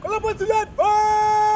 Columbus to that fire!